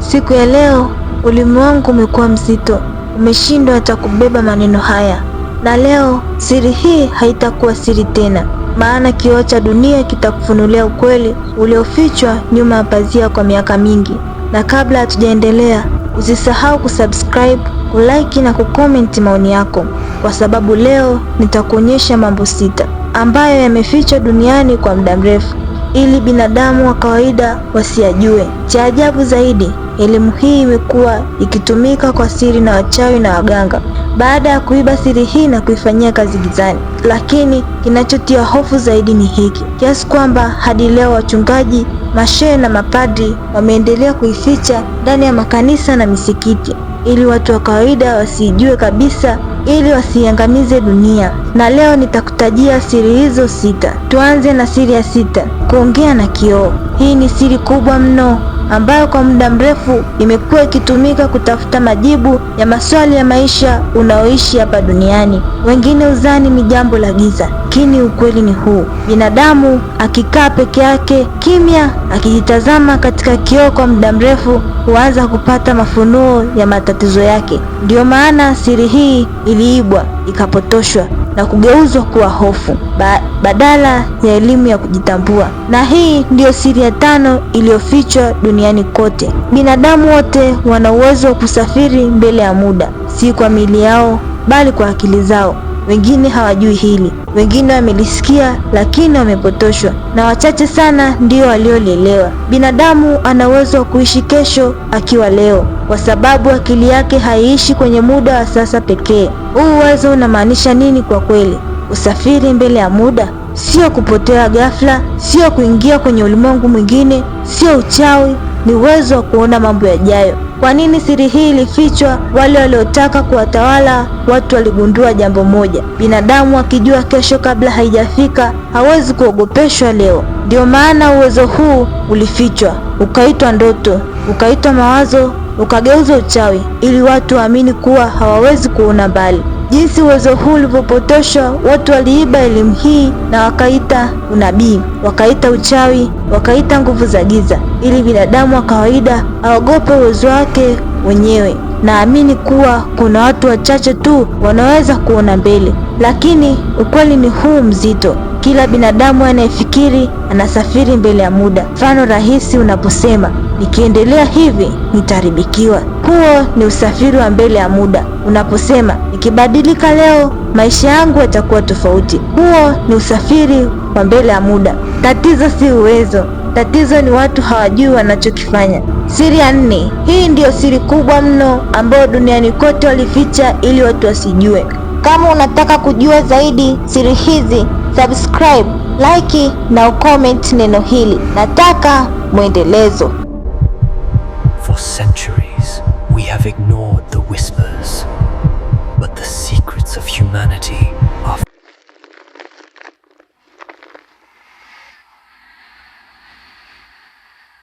Siku ya leo wangu umekuwa mzito, umeshindwa hata kubeba maneno haya, na leo siri hii haitakuwa siri tena, maana kioo cha dunia kitakufunulia ukweli uliofichwa nyuma ya pazia kwa miaka mingi. Na kabla hatujaendelea, usisahau kusubscribe, kulike na kucomment maoni yako, kwa sababu leo nitakuonyesha mambo sita ambayo yamefichwa duniani kwa muda mrefu ili binadamu wa kawaida wasiyajue. Cha ajabu zaidi, elimu hii imekuwa ikitumika kwa siri na wachawi na waganga baada ya kuiba siri hii na kuifanyia kazi gizani. Lakini kinachotia hofu zaidi ni hiki kiasi kwamba hadi leo wachungaji, mashehe na mapadri wameendelea kuificha ndani ya makanisa na misikiti ili watu wa kawaida wasijue kabisa ili wasiangamize dunia, na leo nitakutajia siri hizo sita. Tuanze na siri ya sita, kuongea na kioo. Hii ni siri kubwa mno ambayo kwa muda mrefu imekuwa ikitumika kutafuta majibu ya maswali ya maisha unaoishi hapa duniani. Wengine uzani ni jambo la giza, lakini ukweli ni huu: binadamu akikaa peke yake kimya, akijitazama katika kioo kwa muda mrefu, huanza kupata mafunuo ya matatizo yake. Ndiyo maana siri hii ili iliibwa ikapotoshwa na kugeuzwa kuwa hofu ba badala ya elimu ya kujitambua. Na hii ndiyo siri ya tano iliyofichwa duniani kote: binadamu wote wana uwezo wa kusafiri mbele ya muda, si kwa miili yao, bali kwa akili zao. Wengine hawajui hili, wengine wamelisikia lakini wamepotoshwa, na wachache sana ndio waliolielewa. Binadamu ana uwezo wa kuishi kesho akiwa leo, kwa sababu akili yake haiishi kwenye muda wa sasa pekee. Huu uwezo unamaanisha nini kwa kweli? Usafiri mbele ya muda, sio kupotea ghafla, sio kuingia kwenye ulimwengu mwingine, sio uchawi. Ni uwezo wa kuona mambo yajayo. Kwa nini siri hii ilifichwa? Wale waliotaka kuwatawala watu waligundua jambo moja: binadamu akijua kesho kabla haijafika hawezi kuogopeshwa leo. Ndio maana uwezo huu ulifichwa, ukaitwa ndoto, ukaitwa mawazo, ukageuzwa uchawi, ili watu waamini kuwa hawawezi kuona mbali. Jinsi uwezo huu ulivyopotoshwa, watu waliiba elimu hii na wakaita unabii, wakaita uchawi, wakaita nguvu za giza, ili binadamu wa kawaida aogope uwezo wake wenyewe. Naamini kuwa kuna watu wachache tu wanaweza kuona mbele, lakini ukweli ni huu mzito. Kila binadamu anayefikiri anasafiri mbele ya muda. Mfano rahisi unaposema nikiendelea hivi nitaharibikiwa. Huo ni usafiri wa mbele ya muda unaposema nikibadilika leo maisha yangu yatakuwa tofauti. Huo ni usafiri wa mbele ya muda. Tatizo si uwezo, tatizo ni watu hawajui wanachokifanya. Siri ya nne, hii ndiyo siri kubwa mno ambayo duniani kote walificha ili watu wasijue. Kama unataka kujua zaidi siri hizi, subscribe, like na ucomment neno hili nataka mwendelezo. For centuries We have ignored the whispers, but the secrets of humanity